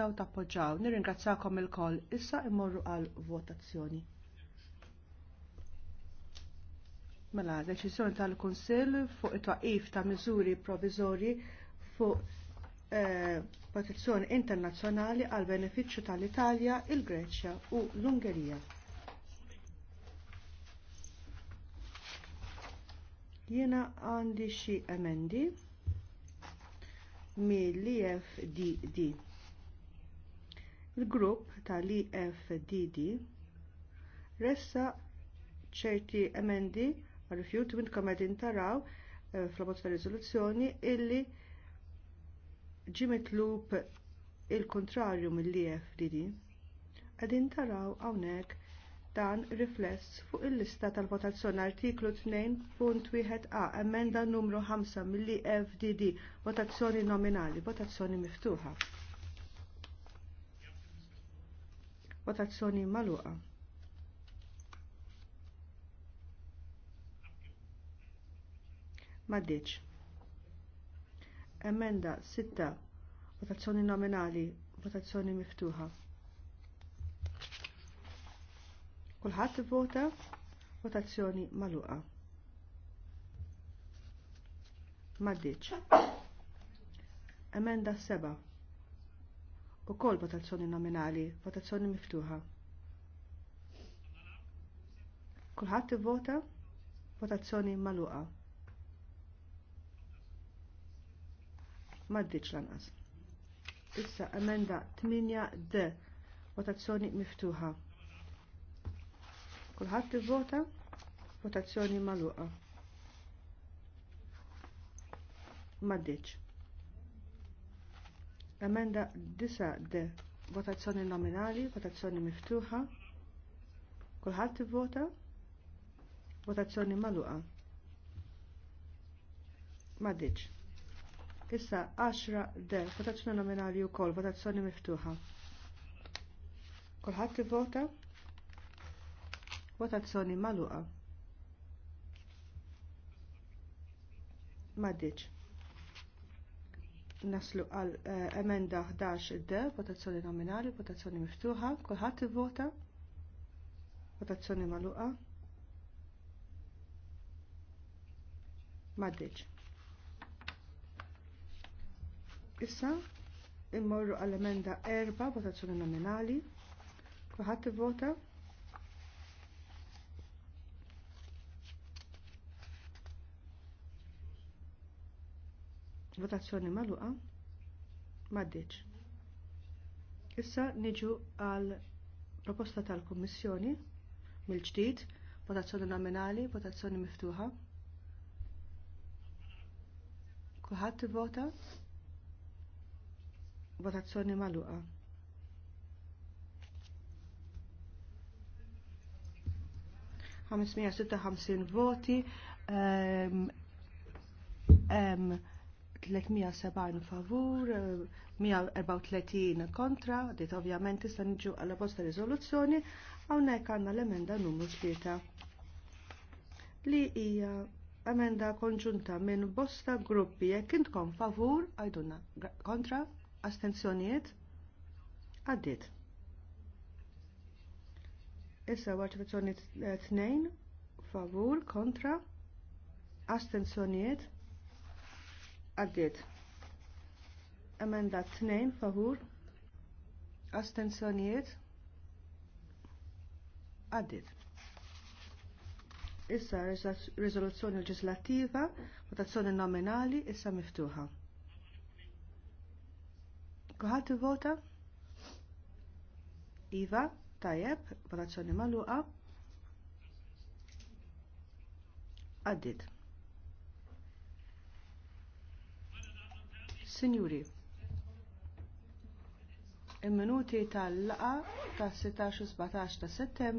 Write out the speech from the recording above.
tistgħu tappoġġaw. Nirringrazzakom ilkoll. Issa immorru għal votazzjoni. Mela, deċiżjoni tal-Kunsill fuq it-twaqif ta' miżuri provizorji fuq eh, protezzjoni internazzjonali għal benefiċċju tal-Italja, il-Greċja u l-Ungerija. Jiena għandi xi emendi mill ifdd Il-grupp tal-IFDD ressa ċerti emendi għal-rifjut minn qegħdin taraw eh, fl-abbozz ta' riżoluzzjoni illi ġie mitlub il-kontrarju mill-IFDD. Qegħdin taraw hawnhekk dan rifless fuq il-lista tal-votazzjoni artiklu 2.1a emenda numru 5 mill ifdd votazzjoni nominali, votazzjoni miftuħa. Votazzjoni maluqa. Maddiċ. Emenda 6. Votazzjoni nominali. Votazzjoni miftuħa. Kulħadd vota. Votazzjoni maluqa. Maddiċ. Emenda 7 u kol votazzjoni nominali, votazzjoni miftuħa. Kulħadd vota votazzjoni maluqa. Maddiċ lanqas. Issa emenda 8D votazzjoni miftuħa. Kulħadd ivvota votazzjoni maluqa. Maddiċ. L-emenda 9 de votazzjoni nominali, votazzjoni miftuħa, kulħadd ivvota, votazzjoni magħluqa. M'għaddiġ. Issa 10 de votazzjoni nominali wkoll, votazzjoni miftuħa. Kulħadd ivvota, votazzjoni magħluqa. M'għaddiġ naslu għal eh, emenda 11 d votazzjoni nominali, votazzjoni miftuħa, kolħat vota votazzjoni magħluqa. Maddiċ. Issa immorru għal emenda 4 votazzjoni nominali, kulħadd ivvota, votazzjoni maluqa maddiċ. Issa niġu għal proposta tal-Kummissjoni mill-ġdid, votazzjoni nominali, votazzjoni miftuħa. Kulħadd vota votazzjoni magħluqa. ħamsmija voti um, um, 370 favur, 134 eh, kontra, dit ovvjament tista' niġu għal bosta riżoluzzjoni, hawnhekk għandna l-emenda numru 3 li hija emenda konġunta minn bosta gruppi jekk intkom favur għajduna kontra astenzjonijiet għaddit. Issa għarċifazzjoni 2 favur kontra astenzjonijiet għaddiet. Emenda 2 favur Astenzjoniet. għaddiet. Issa rezoluzzjoni legislativa, votazzjoni nominali issa miftuħa. Kuħat vota? Iva, tajab, votazzjoni magħluqa. Għaddiet. Signuri, il-minuti tal-laqa ta' 16-17 ta' settembru